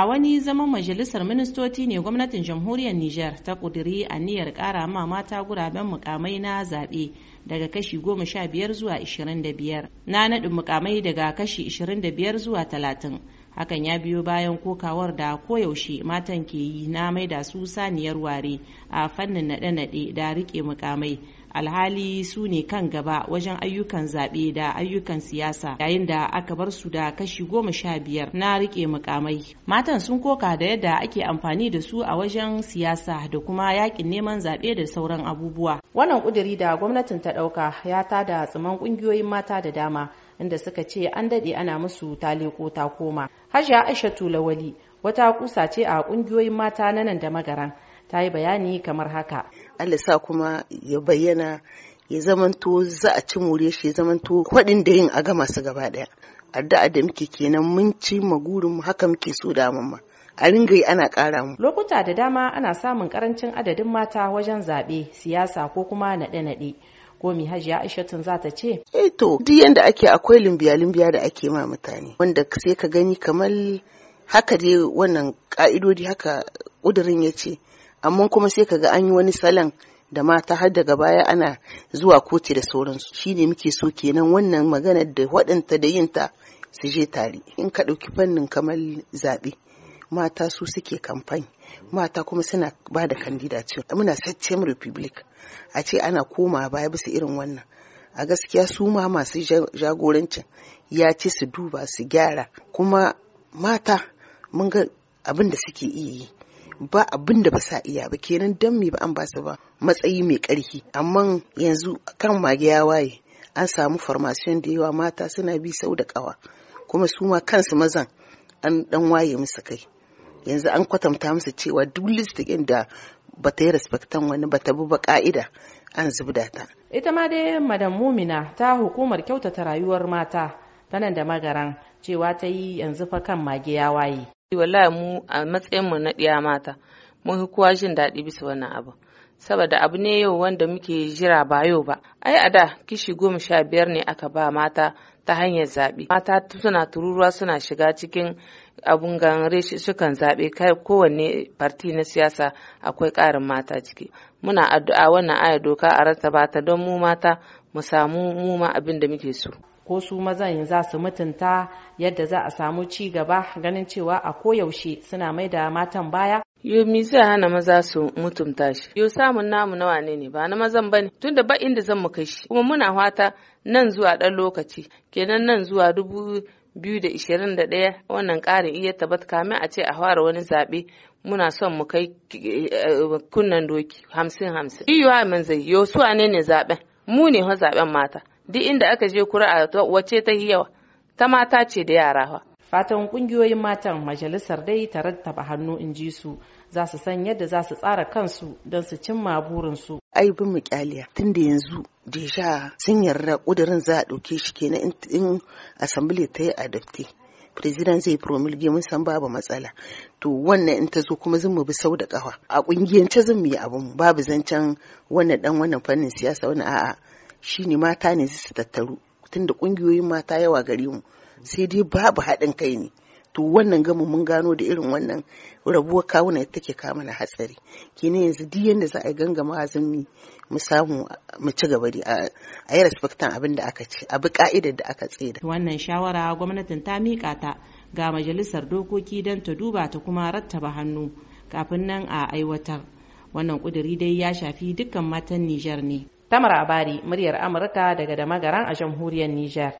a wani zaman majalisar ministoci ne gwamnatin jamhuriyar niger ta kuduri niyyar kara ma mata guraben mukamai na zaɓe daga kashi goma sha biyar zuwa ishirin da biyar na naɗin mukamai daga kashi ishirin da biyar zuwa talatin hakan ya biyo bayan kokawar da koyaushe matan ke yi na maida su saniyar ware a fannin naɗe-naɗe da riƙe mukamai alhali su ne kan gaba wajen ayyukan zaɓe da ayyukan siyasa yayin da aka bar su da kashi goma sha biyar na rike mukamai matan sun koka da yadda ake amfani da su a wajen siyasa da kuma yakin neman zaɓe da sauran abubuwa wannan ƙuduri da gwamnatin ta ɗauka ya da tsiman ƙungiyoyin mata da dama inda suka ce an daɗe ana musu taleko ta koma hajiya aisha tulawali wata kusa ce a ƙungiyoyin mata na nan da magaran ta yi bayani kamar haka Allah sa kuma ya bayyana ya zamanto za a ci more shi ya zamanto kwaɗin da yin a gama su gaba ɗaya addu'a da muke kenan mun ci magurin haka muke so da mamma a ringa yi ana ƙara mu. Lokuta da dama ana samun ƙarancin adadin mata wajen zaɓe, siyasa ko kuma naɗe-naɗe. komi Hajiya Aishatun za ta ce. Eh to, duk yanda ake akwai limbiya-limbiya da ake ma mutane, wanda sai ka gani kamar haka dai wannan ƙa'idodi haka ƙudurin ya ce. amma kuma sai kaga an yi wani salon da mata har daga baya ana zuwa kotu da sauransu shine muke so kenan wannan maganar da waɗanta da yinta su je tare in ka ɗauki fannin kamar zaɓe mata su suke kamfani mata kuma suna ba da candidature muna saccem republic a ce ana koma baya bisa irin wannan a gaskiya su ma masu jagorancin ya ce su duba su gyara kuma mata mun ga abin da suke iya yi ba abin da ba sa iya ba kenan dan me ba an ba su ba matsayi mai karfi amma yanzu kan mage ya waye an samu farmasiyon da yawa mata suna bi sau da kawa kuma su ma kansu mazan an dan waye musu kai yanzu an kwatanta musu cewa duk listikin da bata yi respectan wani ba ta bi ba ka'ida an zubda ta ita ma dai madam mumina ta hukumar kyautata rayuwar mata ta nan da magaran cewa ta yi yanzu fa kan mage ya waye wallahi mu a matsayin mu na ɗiya mata mun fi kowa jin daɗi bisa wannan abu saboda abu ne yau wanda muke jira ba yau ba ai a da kishi goma sha biyar ne aka ba mata ta hanyar zaɓe mata suna tururuwa suna shiga cikin abun ganare sukan zaɓe kowanne farti na siyasa akwai ƙarin mata ciki muna addu'a wannan aya doka a rantaba ta don mu mata mu samu mu ma abin da muke so ko su mazan za su mutunta yadda za a samu ci gaba ganin cewa a koyaushe suna mai da matan baya Yo mi sai hana maza su mutumta shi. Yo samun namu na wane ne ba na mazan bane tunda ba inda zan mu kai shi. Kuma muna fata nan zuwa ɗan lokaci kenan nan zuwa dubu biyu da ishirin da ɗaya wannan ƙarin iya tabbata kamin a ce a fara wani zaɓe muna son mu kai eh, kunnan doki hamsin hamsin. Yiwuwa man zai yo su ne ne zaɓen mu ne ho zaɓen mata. duk inda aka je kuri'a wace ta yawa ta mata ce da yara fatan kungiyoyin matan majalisar dai ta rattaba hannu in ji su za su san yadda za su tsara kansu don su cimma burinsu. ai bin kyaliya tun da yanzu deja sun yarda kudirin za a ɗauke shi na in asambili ta yi adapte president zai promulge mun san babu matsala to wannan in ta zo kuma zan mu bi sau da kafa a kungiyance zan mu yi abun babu zancen wannan dan wannan fannin siyasa wani a'a shine mata ne su tattaru tunda kungiyoyin mata yawa gare mu sai dai babu haɗin kai ne to wannan gama mun gano da irin wannan rabuwar kawuna ita take kama na hatsari kina yanzu duk yanda za a gangama azumi mu samu mu ci gaba da a yi respectan abin da aka ce bi ka'idar da aka tsida wannan shawara gwamnatin ta mika ta ga majalisar dokoki don ta duba ta kuma rattaba hannu kafin nan a aiwatar wannan kuduri dai ya shafi dukkan matan Nijar ne Tamara Abari, muryar Amurka daga Damagaran a jamhuriyar Nijar.